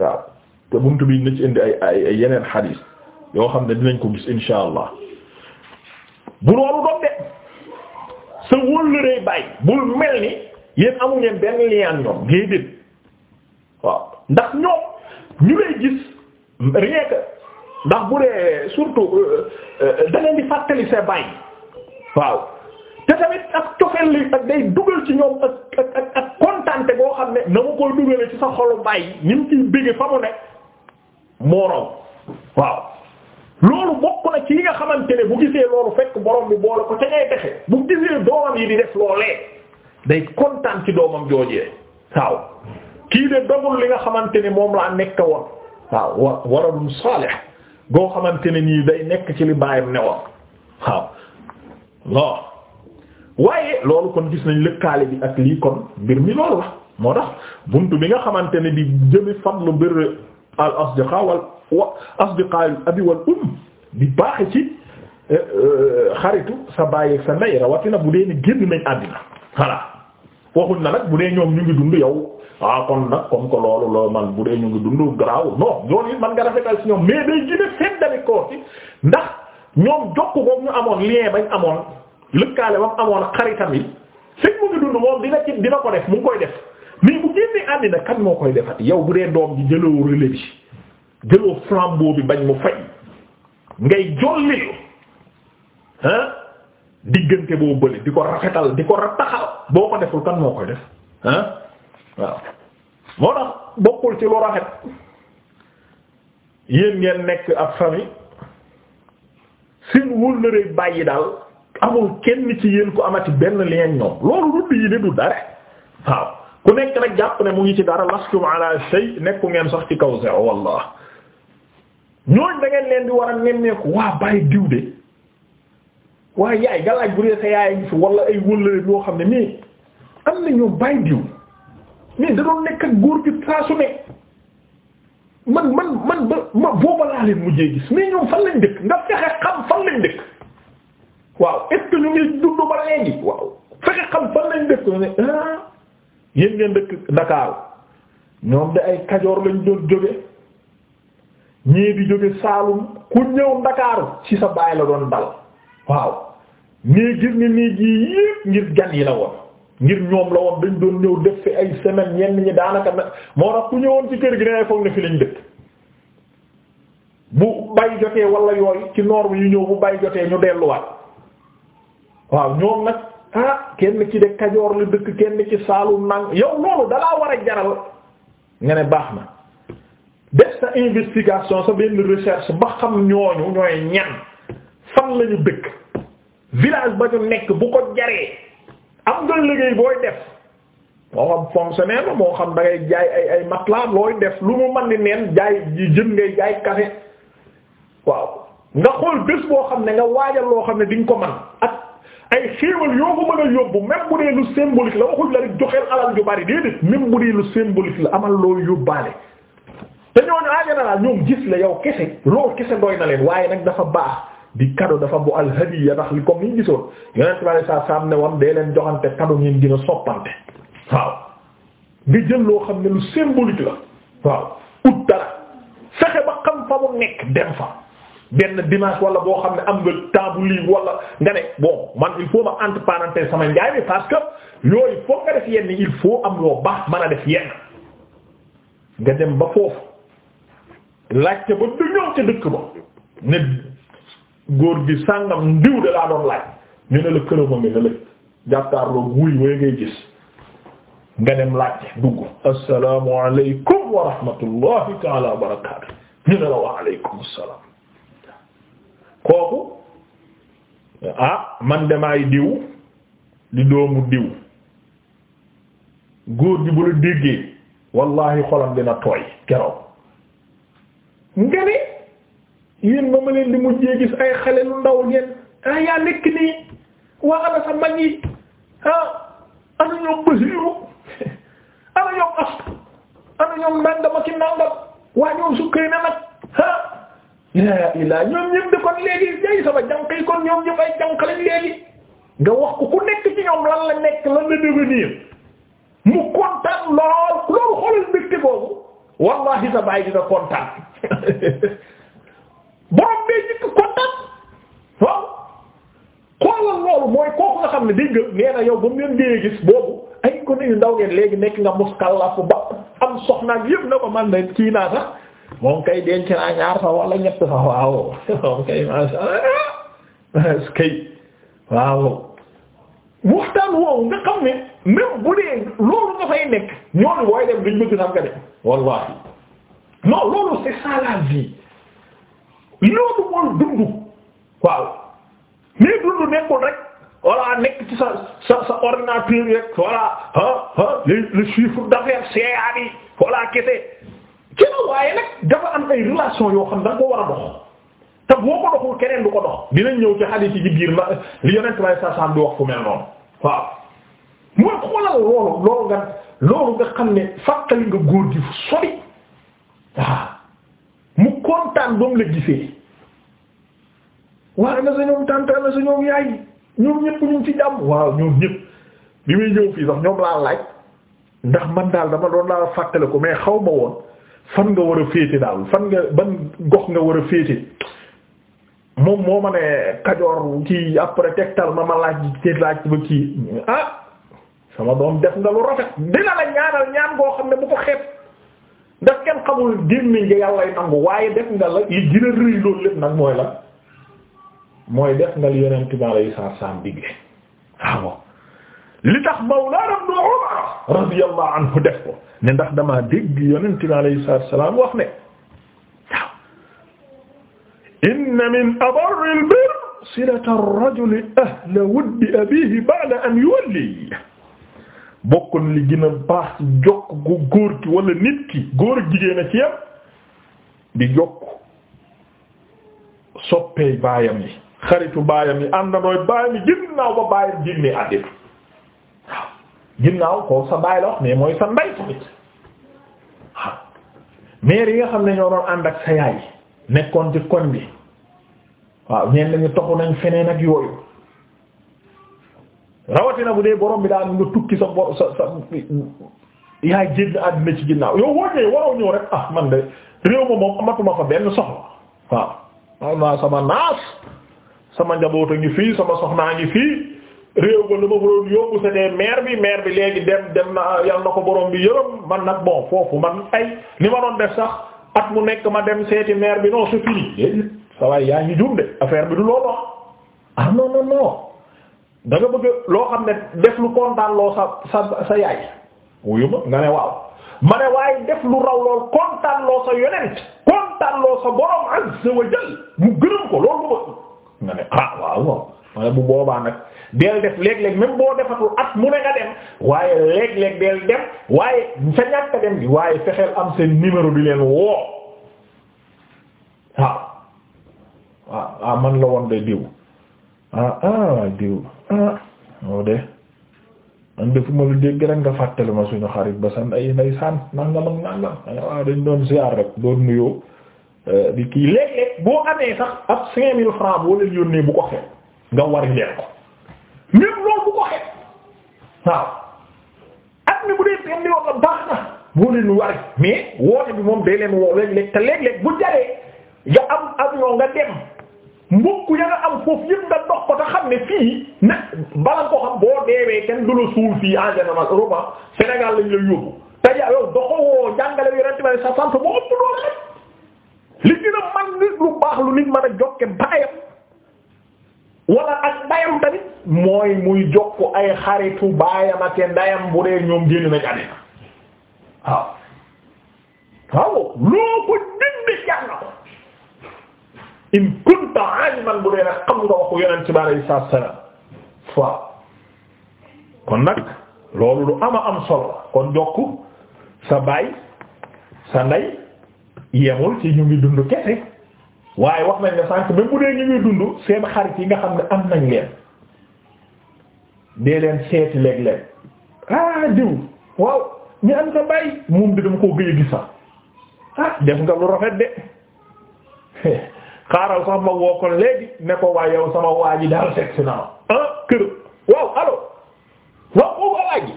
waaw te buntu bi na ci ay ay yeneen xadiis yoo xam ne dinañ ko gis insha allah bu loolu doon de sa wëllëree bàyyi bul mel ni yéen amu benn lien ñoom ngay dégg waaw ndax ñoom ñu lay gis rien que ndax bu dee surtout euh, euh, da ngeen di fàttali sa bàyyi waaw. te tamit ak cofeel li ak day dugal ci ñoom ak ak ak ak kontante boo xam ne na ma koy dugale ci sa xolu bàyyi ni mu ciy bége fa mu ne mooroom waaw loolu bokk na ci yi nga xamante ne bu gisee loolu fekk borom bi boole ko te ngay dexe bu gisee doomam yi di def loolee day kontaan ci doomam joojee waaw kii de dogul li nga xamante ne moom laa nekk woon waaw wa waradum salih goo xamante ne nii day nekk ci li baayam ne woon waaw waaye loolu kon gis nañ lëkkaale bi ak lii kon mbir mi loolu la moo tax bunt bi nga xamante ne bi jëmi fadlu bir al asdiqa wal wa asdiqa abi wal um di baaxe ci eh, eh, xaritu sa baay ak sa ndey rawatina bu dee ni génn nañ àddina voilà waxuñ na nag bu dee ñoom ñu ngi dund yow waa ah, kon nag comme que loolu loo man bu dee ñu ngi dund garaaw non loolu it man nga rafetal si ñoom mais day gën a koo ci ndax ñoom jokk boobu ñu amoon lien bañ amoon. lëkkaale ba mu amoon xaritam yi fekk mu ngi dund moom dina ci dina ko def mu ngi koy def mais bu génnee àddina kan moo koy defat yow bu dee doom jëloo relais bi jëloo flambeau bi bañ mu fay ngay jolli ah diggante boo bële di ko rafetal di ko rataxal boo ko deful kan moo koy def ah waaw moo tax bokkul ci lu rafet yéen ngeen nekk ak famille seen wëllëree bàyyi daal amul kenn ci yéen ku amati benn leen ñoom loolu du diine du dara waaw ku nekk nag jàpp ne mu ngi ci dara lastum ala sey nekku ngeen sax ci kaw zero wallah ñooñ da ngeen leen di war a nemmeeku waa bàyyi diw de waa yaay nga laaj bu dee sa yaay ngi fi wala ay wëllëre yoo xam ne mais am na ñoom bàyyi diw mais da doon nekk ak góor gi saa su ne man man man ma booba laa leen mujjee gis mais ñoom fan lañ dëkk nga fexe xam fan lañ dëkk waaw est ce que ñu ngi dund ba léegi waaw fexe xam fan lañ dëkk ne ah yéen ngeen dëkk Ndakaaru ñoom de ay Kajoor lañ doon jóge ñii di jóge Saalum ku ñëw Ndakaaru ci sa baay la doon dal waaw nii gis ni nii jii yépp ngir gan yi la woon ngir ñoom la woon dañ doon ñëw def fi ay semaine ñenn ñi daanaka nag moo tax ku ñëwoon ci kër gi ne foog ne fi lañ dëkk bu bay jotee wala yooyu ci norme yu ñëw bu bay jotee ñu delluwaat. waaw ñoom nag ah kenn ci de Kajoor la dëkk kenn ci Saalum nang yow loolu dalaa war a jaral nga ne baax na def sa investigation sa benn recherche ba xam ñooñu ñooy ñan fan lañu dëkk village ba ñu nekk bu ko jaree am nga liggéey booy def moo xam fonctionnaire moo xam dangay jaay ay ay matelas looy def lu mu mën di neen jaay jën ngay jaay café waaw nga xool bés boo xam ne nga waajal loo xam ne di nga ko man ay xéewal yoo ko mën a yóbbu même bu dee lu symbolique la waxuñ la rek joxeel alal ju bari déedéet même bu dee lu symbolique la amal loo yóbbaale te ñooñu en général ñoom gis la yow kese loolu kese doy na leen waaye nag dafa baax di cadeau dafa bu al hadiya ndax li comme ni ñu gisoon yonent bale saa saam ne woon dee leen joxante cadeau ngeen gën a soppante waaw nga jël loo xam ne lu symbolique la waaw ut dara fexe ba xam fa mu nekk dem fa benn dimanche wala boo xam ne am nga taabu bu libre nga ne bon man il faut ma entre parenthèses sama njaay mi parce yooyu foog nga def yenn il faut am loo baax mën a def yenn nga dem ba foofu laajte ba du ñëw ca dëkk ba ne góor gi sàngam ndiw de laa doon laaj ñu ne la këram a ngi ne la jàkkaarloo guy wooy ngay gis nga dem laajte dugg assalaamu aleykum wa rahmatullahi barakaatu ñu ne la wa aleykum salaam kooku ah man demaay diw di doomu diw góor gi bu la déggee wallahi xolam dina tooy keroog nga ne yéen ma ma leen di mujjee gis ay xale lu ndaw ngeen ah yaa nekk nii waa ana sa mag yi ah ana ñoom Basiiru ana ñoom Astu ana ñoom nangam ak i nangam waa ñoom sukkay na nag ah, laa ilaa ñoom ñëpp di kon léegi jay sama jànq yi kon ñoom ñëpp ay jànq lañ léegi nga wax ko ku nekk ci ñoom lan la nekk lan la devenir mu kontaan lool loolu xoolal mbégte boobu wallahi sa bàyyi dina kontaan borom bee njëkk kontaan waaw xoolal loolu mooy kooku nga xam ne dégg nga nee na yow ba mu leen dee gis boobu ay ko yu ndaw ngeen léegi nekk nga muskallaf ba am soxnaak yëpp na ko man na kii naa sax moom kay denc naa ñaar sax wala ñett sax waaw moom kay masha Allah est-ce que nga xam ne même loolu nga fay nekk ñoonu booy dem duñ bëgg nam nga wallahi non loolu c'est ça la loolu mooy dundu waaw mais dundu nekkul rek voilà nekk ci sa sa sa ordinateur rek ah, ah, le chiffre d'affaires CA bi voilà kese ki waaye nag dafa am ay relation yoo xam da nga ko war a dox te boo ko doxul keneen du ko dox dinañ ñëw ci hadith yi ci biir na li yonent way sasam wax fu mel noonu waaw mooy xoolal loolu loolu nga loolu nga xam ne fàttali nga góor gi fu sori waaw mu kontaan ba mu la gisee waaw na sa ñoom tànt na sa ñoom yaay ñoom ñëpp ñu ci jàmm waaw ñoom ñëpp bi muy ñëw fii sax ñoom laa laaj ndax man daal dama doon laa fàttale ko mais xaw ma woon fan nga war a féete daal fan nga ban gox nga war a féete moom moo ma ne kajoor kii après tegtal na ma laaj ci laaj ba kii ah sama doom def nga lu rafet dina la ñaanal ñaan goo xam ne bu ko xeeb ndax kenn xamul gémmiñ nga yàllay nangu waaye def nga la li gën rëy loolu lépp nag mooy la mooy def nga li yeneen tubaab yi saa saam digle waaw li tax Mawlana Ibn Umar radiyallahu anhu def ko. ne ndax damaa dégg yonent bi alayhi salaatu wa salaam wax ne inna min abarril birr silatu rajuli ahla wuddi abiihi ba'da an yuwalli bokkon li gën a baax góor wala nit ki jigéen a di jokk soppeey baayam yi xaritu baayam yi àndandooy baayam yi ginnaaw ba baayam ginnaaw ko sa baay la wax mooy sa nday tamit waaw ah. yi nga xam ne ñoo doon ànd ak sa yaay nekkoon ci koñ bi waaw ñeen nañu toxu nañ feneen ak yooyu rawatina bu dee borom bi daan nga tukki sa bor sa sa yaay génn àddina ci ginnaaw yow woo ñëwee waroo ñëw rek ah man de réew ma moom amatuma fa benn soxla waaw. waaw naa sama naas sama njaboot a ngi fii sama soxnaa ngi fii réew ba la ma waroon yóbbu c'était maire bi maire bi léegi dem dem na yal na ko borom bi yërëm man nag bon foofu man ay li ma doon def sax at mu nekk ma dem seeti maire bi non c'est fini léegi sa waay yaa ngi jum de affaire bi du loolu wax ah. ah non non non da bëgg loo xam ne def lu kontaan loo sa sa sa yaay wuyu ma nga ne waaw ma ne waaye def lu raw lool kontaan loo sa yonent kontaan loo sa borom azza wa jall mu gërëm ko loolu nga ne ah bu boobaa nag. del def léeg-léeg même boo defatul at mu ne nga dem waaye léeg-léeg del dem waaye sa ñàkk dem gi waaye fexeel am seen numéro bi leen woo waaw man la woon de diw ah ah diw ah moo de man de fu ma lu dégg rek fàttali ma suñu xarit ba san ay nday saan nangam ak nangam waaw dañ doon ziar rek doon nuyoo eh, di kii léeg-léeg boo amee sax ab cinq mille francs boo leen yónnee bu ko xew nga wari leen ko même loolu bu ko xet waaw at mi bu dee benn yoon la baax na moo leen war mais woote bi moom day leen woo léeg-léeg te léeg-léeg bu jaree nga am avion nga dem mbokk ya nga am foofu yëpp nga dox ko te xam ne fii na bala ko xam boo deewee kenn du la suul fii en général Europe Sénégal lañ la yóbbu te yow doxoo jàngale yu rëdd yi sa sant boo ëpp doole li dina man nit lu baax lu nit mën a jokke baayam wala ak ndayam tamit mooy muy jokk ay xaritu baayam ak ndayam bu dee ñoom génn nañ àddina waaw waaw loo ko dindi jar na in kunta aliman bu dee nag xam waxu yonent bi alayhi salaatu salaam waaw kon nag loolu lu ama am solo kon jokk sa baay sa ndey yemul ci ñu ngi dund kese waaye wax nañ ne sànq même bu dee ñu ngi dund seen xarit yi nga xam ne am nañ leen dee leen seeti léeg-léeg ah diw waaw ñu am sa bàyyi moom bi dama koo gëj a gis sax ah def nga lu rafet de xaaral sax ma woo ko léegi ne ko waa yow sama waa ji daal seet si naa ah kër waaw allo waaw kooku waa ji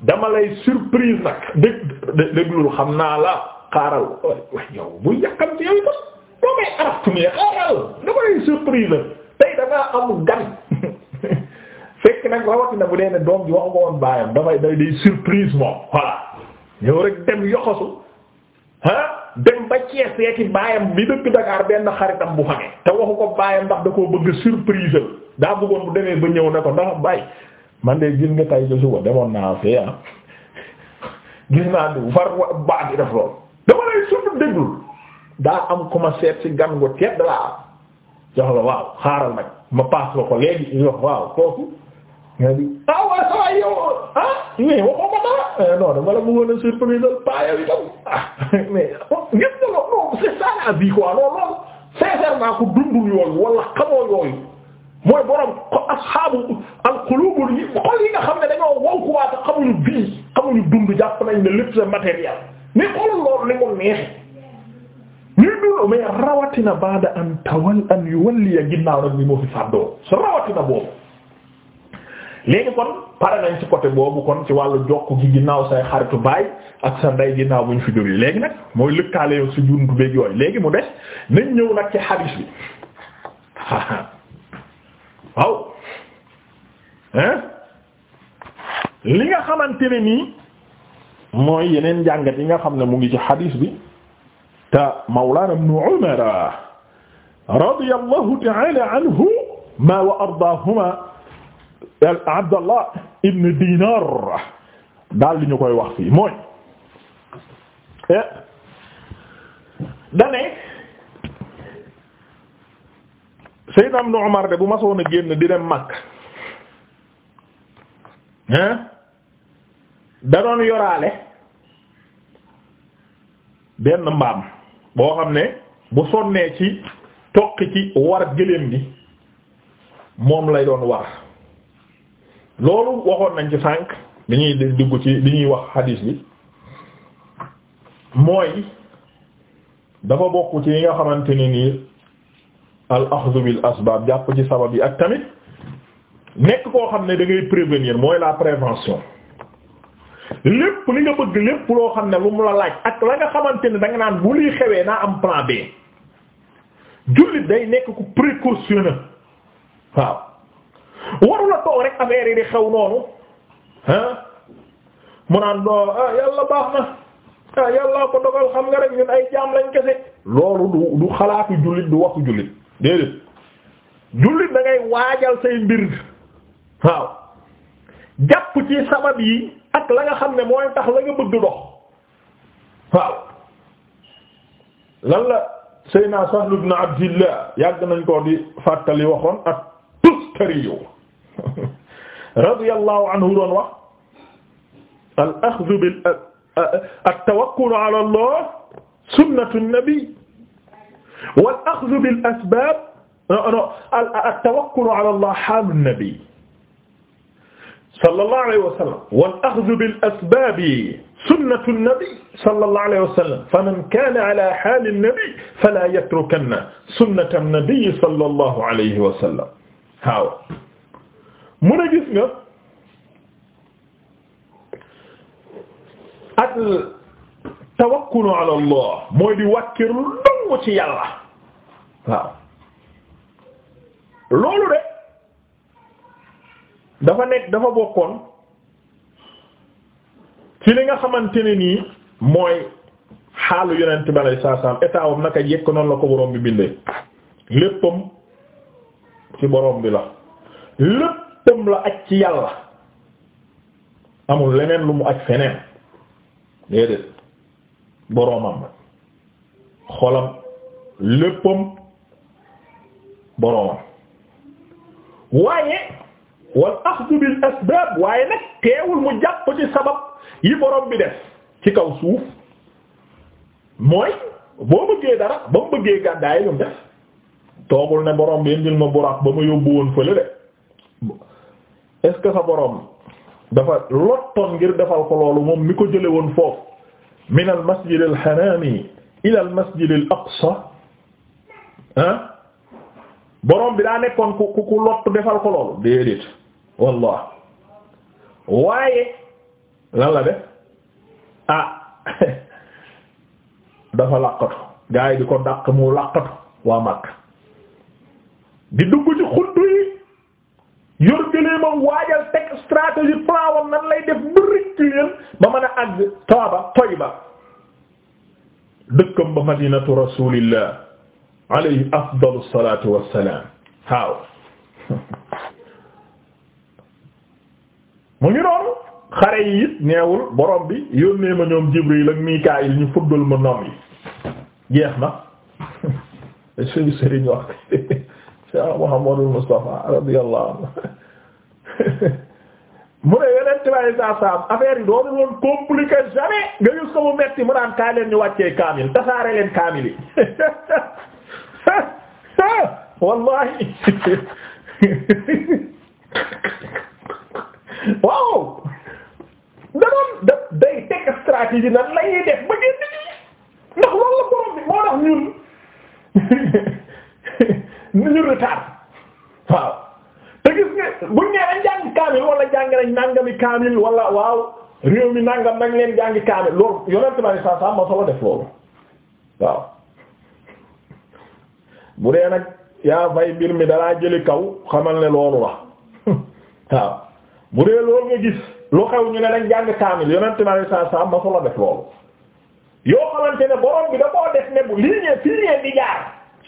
dama lay surprise nag dégg déglul xam naa la xaaral yow bu yàqam ci yow itam. boo may arab mais xaaral da koy surprise tey da am gan fekk nag rawatina bu dee ne doom ji wax nga woon baayam dafay day day surprise moom voilà yow rek dem yoxosu ah dem ba Cees seeti baayam bi dëkk Dakar benn xaritam bu fa ne te waxu ko baayam ndax da koo bëgg surprise la daa bëggoon bu demee ba ñëw ne ko ndax bay man de gis nga tay ci suba demoon naa fee ah gis naa du far baagi def loolu dama lay surtout déglul daa am ku ma seet ci gan gu tedd laa am jox waaw xaaral nag ma paas la ko léegi jox waaw kooku nga di ah waaye sa ah mais waxoo ma dara eh, non dama la bëggoon a surprise pas yow itam ah mais ngeen ko loolu non c'est ça la vie quoi non loolu sincèrement ku dundul yooyu wala xamoo yooyu mooy borom asxaabu alxuluubul yi xol yi nga xam ne dañoo wow kuwaat xamuñu bii xamuñu dund jàpp nañ ne lépp c'est matériel mais xoolal loolu ni mu neexee. ñuy dund mais rawatina baada an tawal an yu walliya ginnaaw nag ni moo fi fàddoo su rawatina boobu léegi kon pare nañ ci côté boobu kon ci wàllu jokk gi ginnaaw say xaritu baay ak sa ndey ginnaaw bu ñu fi jógee léegi nag mooy lëkkaale si juntu beeg yooyu léegi mu des nañ ñëw nag ci xadiis bi waaw hein li nga xamante nii mooy yeneen njàngat yi nga xam ne mu ngi ci xadiis bi te mawlaana ibnu Umar radiyallahu ta'ala anhumaa wa ardaahumaa Abdallah ibn Dinar daal li ñu koy wax fii mooy eh, dane Seydina ibnu Umar de bu ma soona génn di dem Makka hein da doon yoraale benn mbaam boo xam ne bu sonnee ci toqi ci war gëléem gi moom lay doon war loolu waxoon nañ ci sànk bi ñuy dugg ci bi ñuy wax hadis bi mooy dafa bokk ci yi nga xamante ne nii al axdu bil asbaab jàpp ci sabab yi ak tamit nekk koo xam ne dangay ngay prévenir mooy la prévention lépp li nga bëgg lépp loo xam ne lu mu la laaj ak la nga xamante ni da naan bu liy xewee naa am plan B jullit day nekk ku précautionneux waaw waru la toog rek affaire yi di xew noonu ah mu naan doo ah yàlla baax na ah yàlla ko xam nga rek ñun ay jaam lañ kese. loolu du du xalaatu jullit du waxu jullit déedéet jullit da ngay waajal say mbir waaw jàpp ci sabab yi. ak la nga xam ne mooy tax la nga bëgg dox waaw lan la Seyna Sahl ibn Abdillah yàgg nañ ko di fàttali waxoon ak Tustari radiyallahu anhu doon wax al axdu bil at tawakkul ala Allah sunnatu nabi wal axdu bil asbab non non at tawakkul ala Allah haalu nabi sallallahu alayhi wa sallam wal axdu bil asbaabi sunnatu nabi sallallahu alayhi wa sallam faman kaana ala haali nabi falaa yatrukanna sunnata nabi sallallahu alayhi wa sallam waaw mun a gis nga ak tawakkulu ala allah mooy di wàkkirlu dong ci yàlla waaw loolu de dafa nekk dafa bokkoon ci li nga xamante ne nii mooy xaalu yonent bi alayhi salaam état wam naka yekk noonu la ko borom bi bindee léppam ci borom bi la léppam la aj ci yàlla amul leneen lu mu aj feneen déedéet boromam xolam léppam boromam waaye wal axdu bil asbaab waaye nag teewul mu jàpp ci sabab yi borom bi def ci kaw suuf mooy boo bëggee dara ba mu bëggee gàddaay lu mu def toogul ne borom bi indil ma buraak ba ma yóbbu woon fële de est-ce que sa borom dafa lottoon ngir defal ko loolu moom mi ko jële woon foofu min al masjid al haraami ila al masjid al aqsa ah borom bi daa nekkoon ku ku ku lott defal ko loolu déedéet wallah waaye lan la def ah dafa làqatu gaa yi di ko dàq mu làqatu waa Makka di dugg ci xuntu yi yor gëleemam waajal teg stratégie plan wam nan lay def bëricci leen ba mën a àgg Taaba Tayba dëkkam ba madinatu rasulillah alayhi afdalu salatu wassalam waaw mu ngi noonu xare yi it neewul borom bi yónnee ma ñoom Jibril ak Mikaayil ñu fuddal ma noom yi jeex na suñu sëriñ wax Cheikh Muhammadul Mustafa radiyallahu mu ne yeneen tibaay saa saam affaire yi doonu loolu compliqué jamais nga gis ko mu metti mu naan kaay ñu wàccee kaamil tasaare leen kaamil yi wallahi waaw da doon day teg stratégie nan la def ba ngeen di ndax loolu la borom bi moo tax ñun ñu retard waaw te gis nga buñ nee dañ kaamil wala jàng nañ nangami kaamil wala waaw réew mi nangam nañ leen jàngi kaamil loolu yonent bi sallallahu alayhi wasallam ma waaw bu dee nag yaa fay mbir mi dalaa jëli kaw xamal ne loolu la waaw. bu dee loolu nga gis loo xew ñu ne dañ jàng kaamil yonent bi sallallahu alayhi wasallam ma la def loolu yoo xamante ne borom bi da koo def ne bu lii ngeen fii ngeen di jaar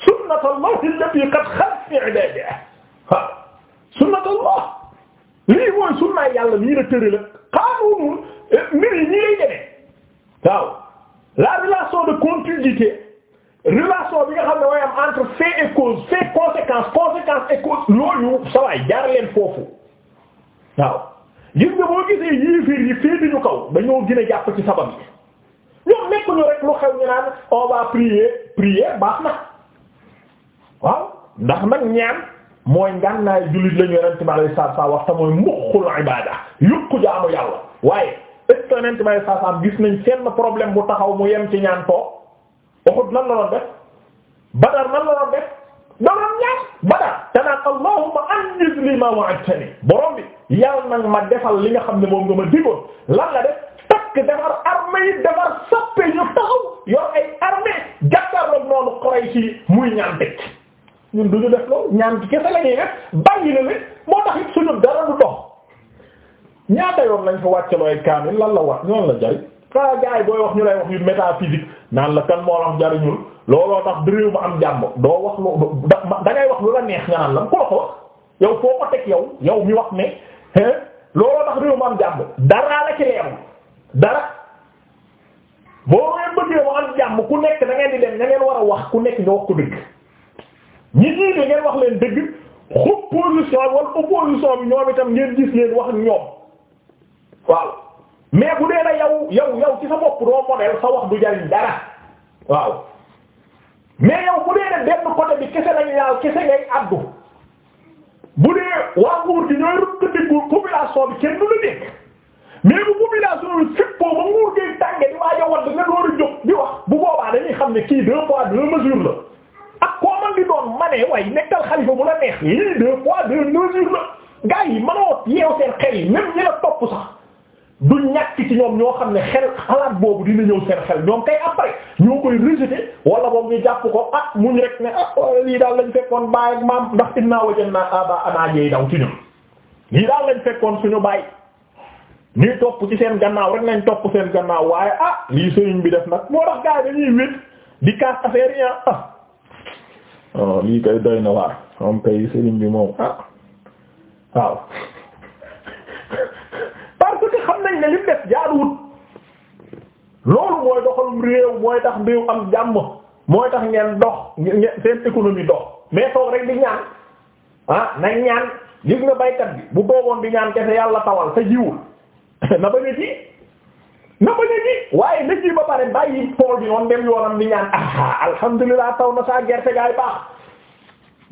sunnatullahi allati qad xalat fi ibaadihi waaw sunnatullah lii mooy sunna yàlla nii la tëri la xaanuunu eh, mbir yi ñii lay demee la relation de continuité relation bi nga xam ne mooy am entre fait et cause fait conséquence conséquence et cause loolu sawaay jaar leen foofu waaw gis nga boo gisee yéeféer yi féete ñu kaw dañoo gën a jàpp ci sabab yi ñoom nekk ñu rek lu xew ñu naan on va prier baax na waaw ndax nag ñaan mooy ngànnaay jullit la ñu yonent bi alayhi salaatu salaam wax a mooy ibaada yukku jaamu yàlla waaye est-ce que yonent bi alayhi salaatu gis nañ seen problème bu taxaw mu yem ci ñaan toog Uhud lan la doon def Badar lan la doon def doon ñaan Badar te naan allahumma anjiz li ma wa'adtani borom bi yal nag ma defal li nga xam ne moom nga ma digoon lan la def takk defar armée yi defar sappe ñu taxaw yor ay armée jàkkaarloog noonu Quraysh yi muy ñaan teg ñun du ñu def loolu ñaan ki kese la ñuy def bàyyi na moo tax suñu dara du dox ñaata yoon lañ fa wàcceloo ay kaamil lan la wax ñoon la jari ah gars yi booy wax ñu lay wax yu métaphysique naan la kan moo la am jariñul looloo tax réew ma am jàmm doo wax lu da da ngay wax lu la neex ñaan la ko la yow foo wax looloo tax réew mu am jàmm daraa la ci dara boo ngeen bëggee mu am jàmm ku nekk da ngeen di dem na ngeen war a wax ku nekk nga wax ko dëgg ñi ñii da ngeen wax leen dëgg xub position wala opposition bi ñoom itam ngeen gis leen wax ñoom waaw mais bu dee na yow yow yow ci sa bopp doo modèle sa wax du jariñ dara waaw mais yow ku dee na benn côté bi kese lañ laal kese ngay addu bu dee waa nguur gi ñooy rëkkati population bi kenn du la dégg mais bu population bi fippoo ba nguur gi tànge di waaja wadd nga door a jóg di wax bu boobaa dañuy xam ne kii deux poids deux mesures la ak koo man di doon manee waaye nekkal xalifa bu la neex lii deux poids deux mesures la gars yi mënoo yeew seen xel yi même ñi la topp sax du ñàkk ci ñoom ñoo xam ne xel xalaat boobu dina ñëw seen xel ñoom kay après ñoo koy rejeté wala boog ñu jàpp ko ah muñ rek ne ah lii daal lañ fekkoon baay ak maam ndax innaa wajadnaa aabaa'anaa lii daal lañ fekkoon suñu baay ñuy topp ci seen gannaaw rek nañ topp seen gannaaw waaye ah lii sëriñ bi def nag moo tax gars dañuy wét di kaas affaire yi ah. ah. Oh, lii kay doy na waar moom kay sëriñ bi moom ah waaw. wut loolu mooy doxalum réew mooy tax réew am jàmm mooy tax ngeen dox seen économie dox mais toog rek di ñaan ah nañ ñaan gis nga baykat bi bu booboon di ñaan kese yàlla tawal sa jiwul na bañ a ji na bañ a ji waaye na ji ba pare bàyyi tool bi noonu dem yoonam di ñaan ah alhamdulilah taw na saa gerte gaay baax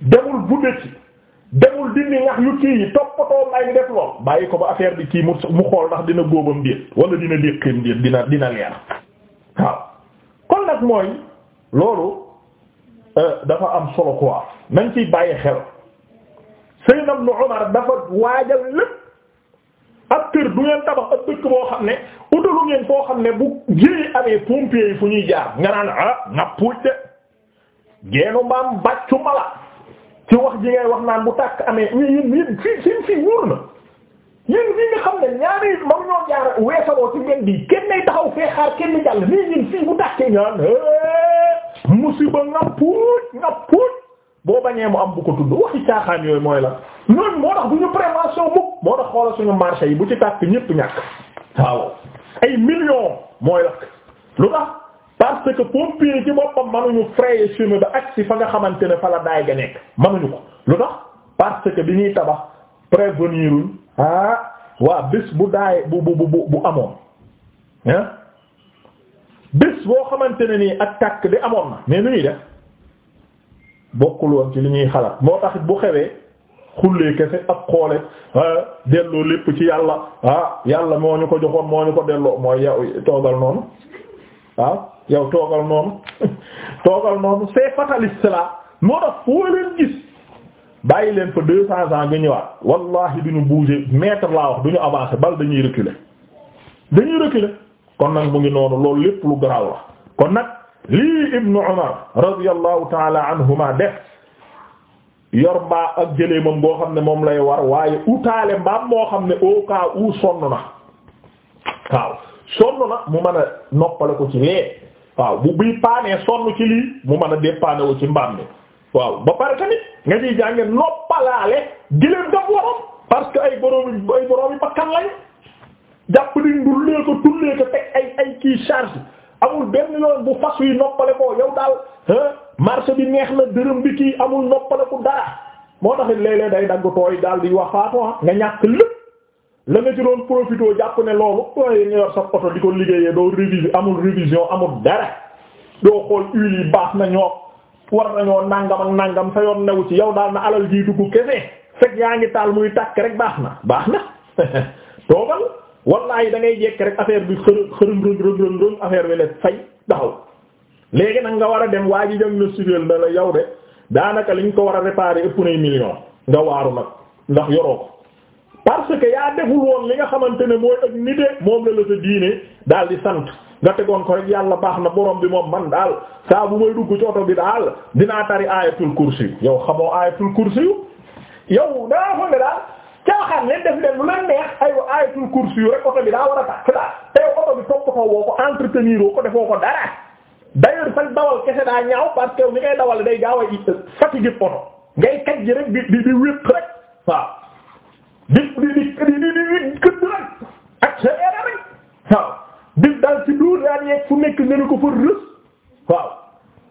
demul budde ci demul dindi ñax yu kii yi toppatoo mbay mi def lool bàyyi ko ba affaire bi kii mu mu xool ndax dina góobam déet wala dina déqeem déet dina dina leer waaw kon mooy loolu euh, dafa am solo quoi nañ ciy bàyyi xel Seydina Ibnu Umar dafa waajal lépp ak kër du ngeen tabax ak dëkk boo xam ne utalu ngeen foo xam ne bu jéyi amee pompier yi fu ñuy jaar nga naan ah nga puuj de geenu mbaam bàccu mala ci wax ji ngay wax naan bu tàkk amee yéen yéen fii seen fii wóor na yéen fii nga xam ne ñaari moom ñoo jaar weesaloo ci benn bi kenn day taxaw fee xaar kenn jàll fii bu tàkkee ñaan musiba nga puuj nga puuj boo bañee mu am bu ko tudd waxi caaxaan yooyu mooy la noonu moo tax bu ñu prévention mukk moo tax xoola suñu marché yi bu ci tàkk ñépp ñàkk waaw ay millions mooy lakk lu tax parce que pompier ci boppam mënuñu frayer chemin ba ak fa nga xamante ne fa la daay ga nekk mënuñu ko lu tax parce que bi ñuy tabax prévenir uñ ah waa bés bu daay bu bu bu bu amoon ah boo xamante ne nii ak takk di amoon na mais nu ñuy def bokkul ci li ñuy xalaat moo tax bu xewee xullee kese ak xoole ah, delloo lépp ci yàlla ah yàlla moo ñu ko joxoon moo ñu ko delloo mooy yow toogal noonu waaw yow toogal noonu toogal noonu c'est fataliste là moo tax foo leen gis bàyyi leen fa deux cents ans nga ñëwaat wallahi ñu bouger mètre laa wax duñu avancer bal dañuy reculer dañuy reculer kon nag mu ngi noonu loolu lépp lu garaaw la kon nag lii ibnu umar radiyallahu taala anhuma def yor mbaa ak jëlee moom boo xam ne moom lay war waaye utaale mbaam moo xam ne au cas où sonn na waaw sonn na mu mën noppale ko ci lee waaw bu buy paanee sonn ci lii mu man a dépanne wu ci mbaam mi waaw ba pare tamit nga ciy jànge noppalaale giléem daf waroon parce que ay boroomi ay boroomi bakkan lañ jàpp ni ndullee ko tullee ko teg ay ay kii charge amul benn yoon bu fas yi noppale ko yow daal marché bi neex na dërëm bi kii amul noppale ko dara moo taxit léeg-léeg day dagg tooy daal di wax waxaatoo ah, nga ñàkk lépp la nga ci doon profité jàpp ne loolu waaye nga yor sa oto di ko liggéeyee doo révision amul révision amul dara doo xool huile yi baax na ñoo war nañoo nàngam ak nangam sa yoon newu ci yow daal na alal jiitu ko kese fekk yaa ngi taal muy tàkk rek baax na baax na toogal wallaahi da ngay jekk rek affaire bi xërë xërëm rëng rëng rëng rëng affaire bi la fay taxaw léegi nag nga war a dem waa ji jëm na sudeel na la yow de daanaka liñ ko war a réparer ëpp nay million nga waaru nag ndax yoroo parce que yaa deful woon li nga xamante ne mooy ak nite moom la la sa diine daal di sant nga tegoon ko rek yàlla baax na borom bi moom man daal saa bu may dugg ci oto bi daal dinaa tari ayatul kursi yow xamoo ayatul kursi yow daa foog ne daal leen def leen yu rek oto bi daa a tax daal te oto bi toppatoo woo ko entretenir woo ko defoo ko dara d'ailleurs sax dawal kese daa ñaaw parce que yow ni ngay dawal day gaaw a fatigué oto ngay kaj ji rek di di wépp rek waaw. di di di di di gëdd rek ak séeréer rek waaw di dal ci fu nekk nga ne ko fa rës waaw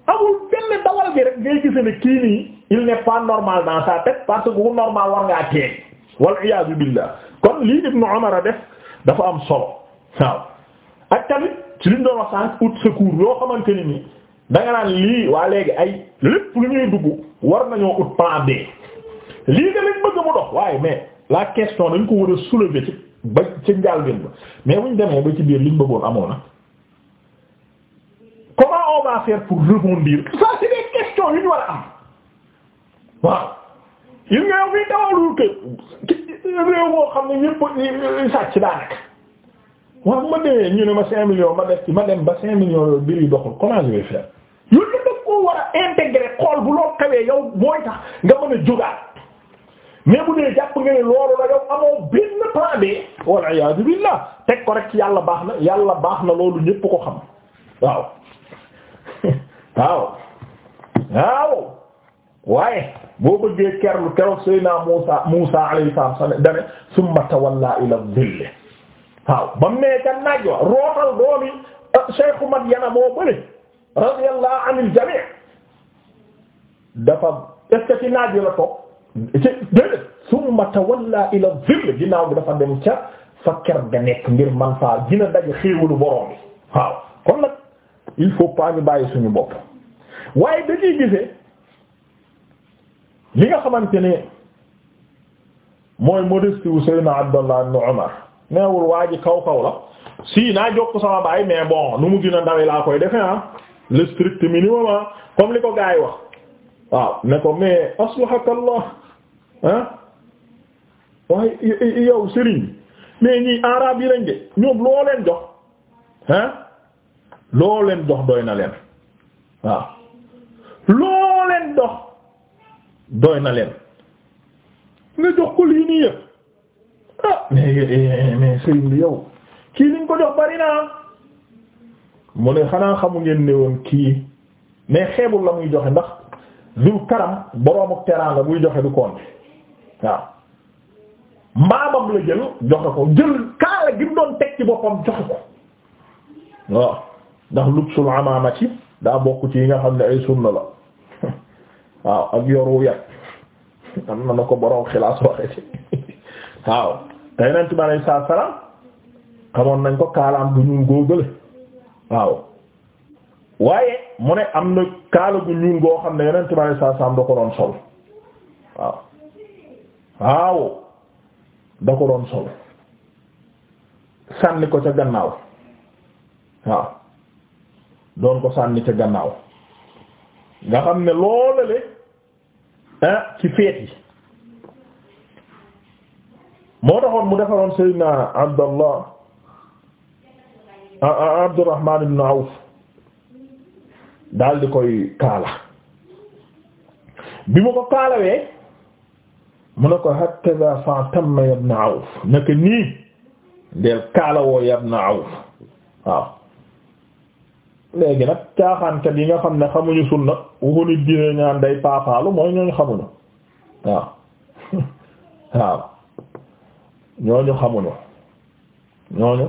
amul benn dawal bi rek ngay gis ne il n'est pas normal dans sa tête parce que bu normal war ngaa teeg wal iyaazu billah kon lii Ibnu Umar a def dafa am solo ak tamit ci liñ doon wax sànq ut secours yoo xamante ni nii da nga naan lii waa léegi ay lépp lu ñuy dugg war nañoo ut plan B lii nga leen bëgg mu dox waaye mais. laa question dañ ko war a soulever ci ba ci njàlbéen ba mais buñ demee ba ci biir liñ bëggoon amoon na comment on va faire pour rebondir ça c'est des questions yu ñu war a am waaw il nga yow fii xam ne ñëpp sàcc ma demee ñu ne ma ma ma dem ba a intégrer yow nga mën a jógaat mais bu dee jàpp nga ne loolu la amoo benn plan B wal billah teg ko rek yàlla baax na yàlla baax na loolu ñépp ko xam waaw waaw waaw waaye boo bëggee kerlu keroog Seydina Muusa Muusa alayhi salaam dane summa tawalla ila dhilli waaw ba mu nee ca naaj wa rootal doomi Cheikhu Madyana moo bëri radiyallahu anil jami' dafa est-ce la ko déedéet summa tawalla ila zill ginnaaw bi dafa dem ca fa ker ga nekk ngir man faa gina daje xéewalu borom bi waaw kon nag il faut pas ñu bàyyi suñu bopp waaye dañuy gisee li nga xamante ne mooy modeste wu Seydina Abdallah ibn Umar neewul waa ji kaw kaw la si naa jokk sama baay mais bon nu mu gën a laa koy defe ah le strict minimum ah. comme li ko gaa yi wax waaw ne ko mais aslahaka ah waaye yow Serigne mais ñii araab yi lañ de ñoom loo leen jox ah loo jox doy na leen waaw loo jox doy na leen nga jox ko lii nii yëpp ah mais eh, mais bi yow kii liñ ko jox bari naa mu ne xanaa xamu ngeen ne woon kii mais xeebul la muy joxe ndax. zul karam boroomu teraanga buy joxe du compte waaw maamam la jël joxe ko jël kaala gi mu doon teg ci boppam joxe ko waaw ndax lubsul amaama ci daa bokk ci yi nga xam ne ay sunna la waaw ak yoru yat am na na ko borom xilaas waxe ci waaw te yonent bi alayhi salaatu salaam xamoon nañ ko kaalaam gu ñuul góogale waaw waaye mu ne am na kaala gu ñuul goo xam ne yonent bi alayhi salaatu salaam da ko doon sol aw da ko doon sol sànni ko ca gannaaw waaw doon ko sànni ca gannaaw nga xam ne loolale ah, ci feet yi moo taxoon mu defaroon Seydina Abdallah ah, ah, Abdurrahman ibn Awf daal di koy kaala bi mu ko kaalawee mu ne ko hakaza fa tamma yabna awf naka nii del kaalawoo yabna awf waaw léegi nag caaxaankat yi nga xam ne xamuñu sunna waxu nit dina ñaan day paapaalu mooy ñooñu xamuñu waaw waaw ñooñu xamuñu ñooñu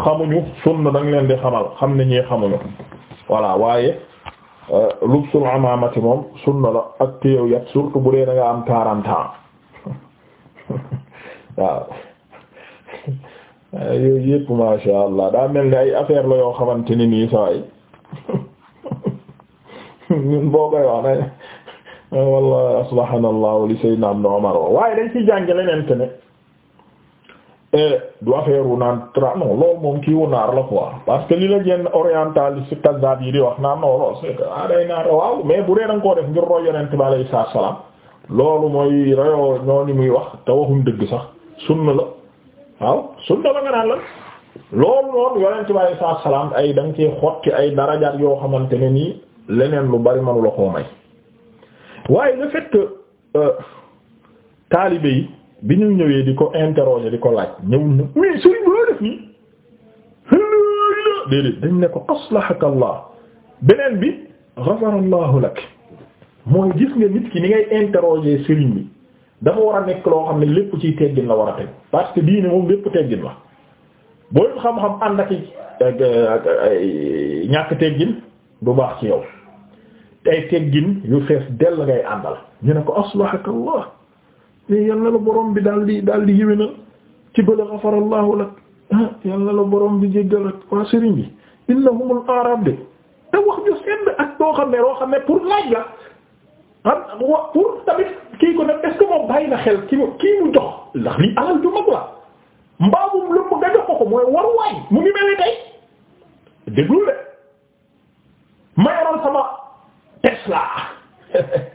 xamuñu sunna danga leen di xamal xam ne ñi xamuñu voilà waaye Euh, lubsul amaamati moom sunna la ak téyew yat surtout bu dee nga am quarante ans waaw yooyu yëpp masha Allah daa mel ni ay affaire la yoo xamante ni nii saway ñun boo koy wax na wallahi aslahana Allah li sayyidina Ibn Umar waaye dañ ci jànge leneen ne du affaire wu naan tra non loolu moom kii wu naar la quoi parce que li la jenn orientaliste kazzab yi di wax naan non lool c'est que ah day naar waaw mais bu dee da nga koo def ngir roy yonent bi alayhi salaam loolu mooy rayoo ñoo ni muy wax te waxuñ dëgg sax sunna la waaw sunna la nga naan la loolu noonu yonent bi alayhi salaam ay da nga cee xotti ay darajaat yoo xamante ne nii leneen lu bari mënu la koo may waaye le fait que euh, yi. bi ñu ñëwee di ko interroger di ko laaj ñëwul na mais def nii dañ ne ko aslahaka beneen bi ghafara Allahu lak mooy gis nga nit ki ni ngay interroger Serigne bi dafa war a nekk loo xam ne lépp ci teggin la war a teg parce que diine moom lépp teggin la booy xam-xam ànd ak ñàkk teggin du baax ci yow tey teggin yu fees dell ngay àndal ñu ne ko aslahaka yal na la borom bi daal di daal di yéwénal ci bële xafarallahu lak ah, yal la borom bi jéggal ak waa sëriñ bi innahumul arab de te wax ju sedd ak doo xam ne loo xam ne pour laaj la pour tamit kii ko nag est ce na xel kii mu jox ndax lii alal ju la mbaamum lépp nga jox ko ko mooy waruwaay mu ngi mel ni tey déglu de ma yoroon sama Tesla.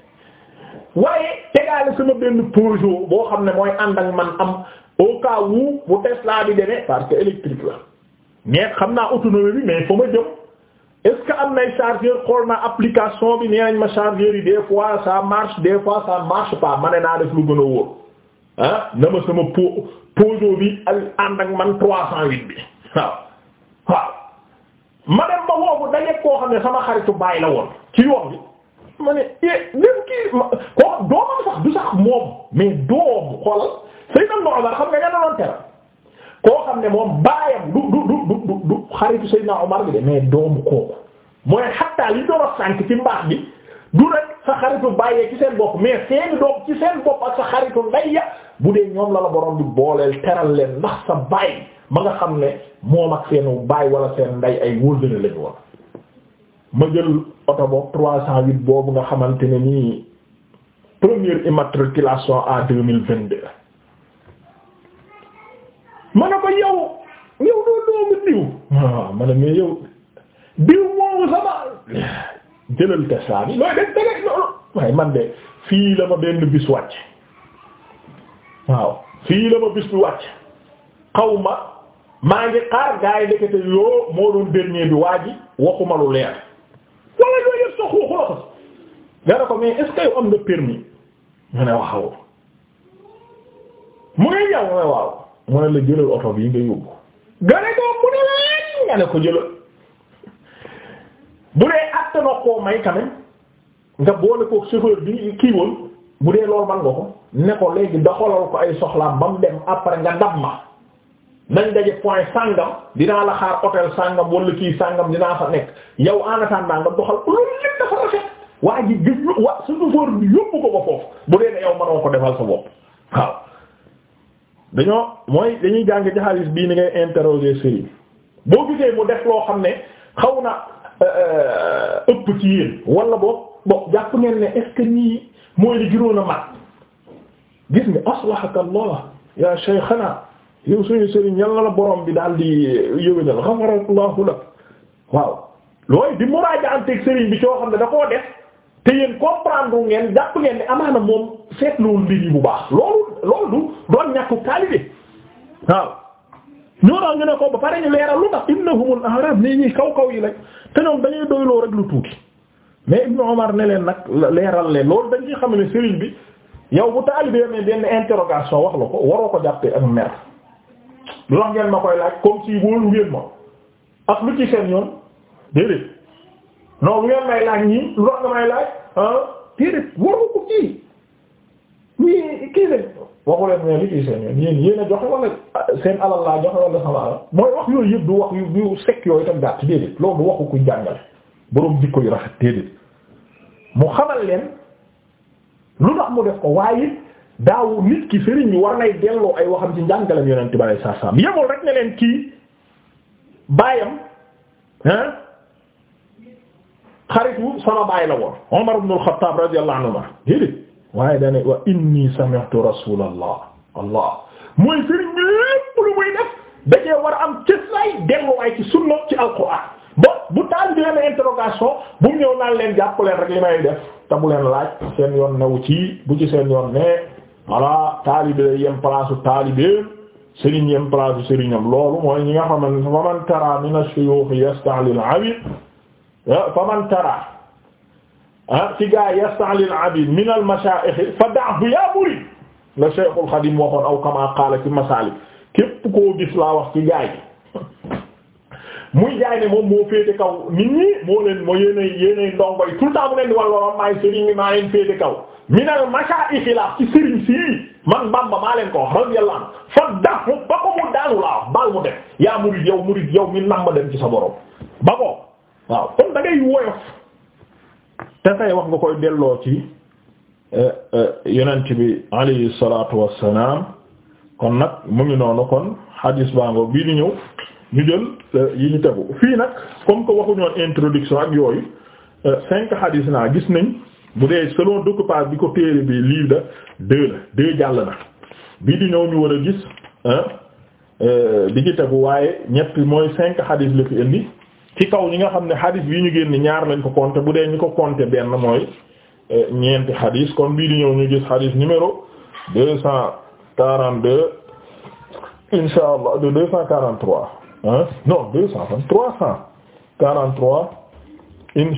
waaye tegaale sama benn Peugeot boo xam ne mooy ànd ak man am au cas où bu Tesla bi demee parce que électrique la mais xam naa autonomie bi mais fa ma jëm est-ce que am nay chargeur xool naa application bi nee nañ ma chargeur yi des fois ça marche des fois ça marche pas ma ne naa def lu gën a wóor ah na ma sama po Peugeot bi ànd ak man 308 bi waaw waaw ma dem ba foofu daje koo xam ne sama xaritu baay la woon ci yoon bi. ma ne eh même kii ko doomam sax du sax moom mais doom xoolal Seydina Omar xam nga koo xam ne moom baayam du du du du du xaritu Seydina Omar bi de mais doomu kooku mooy xattaa li doon sànk ci mbaax bi du rek sa xaritu bàyyee ci seen bopp mais seeni doom ci seen bopp ak sa xaritu ndeyya bu dee ñoom la la boroom bi booleel teral leen ndax sa baay ma nga xam ne moom ak seenu baay wala seen ndey ay wóor lañu woon ma jël. oto boog trois cent huit boobu nga xamante ne nii première immatriculation à deux mille vingt deux ma ne ko yow yow doo doomu diw waaw ah, ma ne mais yow diw moomu sama jëlal Tesla man de fii la ma benn bis wàcc waaw fii la ma bis wàcc xaw ma maa ngi xaar gaa yi ndekete yoo moo doon dernier bi waa ji waxuma lu leer wax waxu la ko nga ne ko mais est-ce que yow am nga permis mu ne waaw mu ne jëlal oto bi nga yóbbu nga mu ne lan nga ne ko jëlal bu dee àtte na may tamit nga boole ko chauffeur bi kii bu dee loolu man ko ne ko léegi doxalal ko ay soxlaam ba mu dem après nga dab ma dañ daje point sangam dinaa la xaar hôtel sangam wala kii sangam dinaa fa nekk yow en attendant nga doxal loolu lépp dafa rafet waa ji gëj ñu waa suñu yóbbu ko ba foofu bu dee ne yow mënoo ko defal sa bopp waaw. dañoo mooy dañuy jàng ci xaalis bii ni ngay interroger Serigne boo gisee mu def loo xam ne xaw na euh, euh, ëpp ci yéen wala boog bon jàpp ngeen ne est mooy li gënoon a gis nga aslahaka Allah ya shaykhana yow suñu sëriñ yal na la borom bi daal di yëwénal xafarallahu lak waaw looy di muraajaanteeg sëriñ bi coo xam ne da koo def te yéen comprendre ngeen jàpp ngeen ne amaana moom seetluwul mbir yi bu baax loolu loolu du doon ñàkku taalibe waaw ñoo doon ñu ne ko ba pare ñu leeral lu tax innahumul arab nii ñi kaw kaw yi lañ te ñoom dañuy doyloo rek lu tuuti mais Ibnu Omar ne leen nag leeral leen loolu dañ ci xam ne sëriñ bi yow bu taalibee ne benn interrogation wax la ko waroo ko jàppee ak mer lu wax ngeen ma koy laaj comme si wóolu ngeen ma ak lu ci seen yoon déedéet non lu ngeen may laaj ñii lu wax nga may laaj ah déedéet waru ko kii ñii kii lañ waxuleen ne ci seen yoon yéen yéen a joxe wala seen alal laa joxe wala sama alal mooy wax yooyu yëpp du wax yu yu sekk yooyu tam gàtt déedéet loolu waxu ku jàngale boroom jikko yu rafet déedéet mu xamal leen lu tax mu def ko waaye daaw nit ki sëriñ bi war nay delloo ay waxam ci njàngaleem yonent bi alayhi salaam yemul rek ne leen kii baayam ah xaritu sama baay la woon Umar ibn al-Khattab radiyallahu anhu déedéet waaye daanay wa inni sami'tu rasulallah allah mooy sëriñ lépp lu muy def da war a am cës lay delloo ay ci sunna ci alquran bon bu taal bi leen interrogation bu ñëw naan leen jàpp leen rek li may def te bu leen laaj seen yoon newu ci bu ci seen yoon ne voilà taalibe yem place taalibe sëriñ yem place sëriñam loolu mooy ñi nga xamal ne fa man tara min ash-shuyukh yasta'lil abid eh, fa man tara ah ci gaa yasta'lil abid min al-mashayikh fa da'hu ya murid la Cheikhul Khadim waxoon aw kama qala ci masalik képp koo gis laa wax ci gaa yi muy jaay ne moom moo féete kaw nit ñi moo leen moo yéenay yéenay ndongo yi tout le temps mu leen di wax loolu maay sëriñ mi maa leen féete kaw minal mashaayix la ci sëriñ sii man Bamba maa leen ko wax radiyallahu anhu fa dafu ba ko mu daanu laa wax baal mu def yaa murid yow murid yow mi nam ma dem ci sa borom ba ko waaw kon da woyof te say wax nga koy delloo ci eh, eh, yonent bi alayhi salatu wassalaam kon nag mu ngi noonu kon hadis bango bii di ñëw ñu jël eh, yi ñu tegu fii nag comme que waxuñoon introduction ak yooyu cinq hadis naa gis nañ bu dee selon découpage bi ko téere bi lii la deux la deux jàll na bii di ñëw ñu war a gis di euh, ci tegu waaye ñett mooy cinq xadis la fi indi ci kaw ñi nga xam ne xadis bii ñu génn ñaar lañ ko compter bu dee ñu ko compter benn mooy euh, ñeenti xadis kon bii di ñëw ñu gis xadis numéro deux cent quarante deux insha allah de deux cent quarante trois non deux cent trois cent quarante trois inch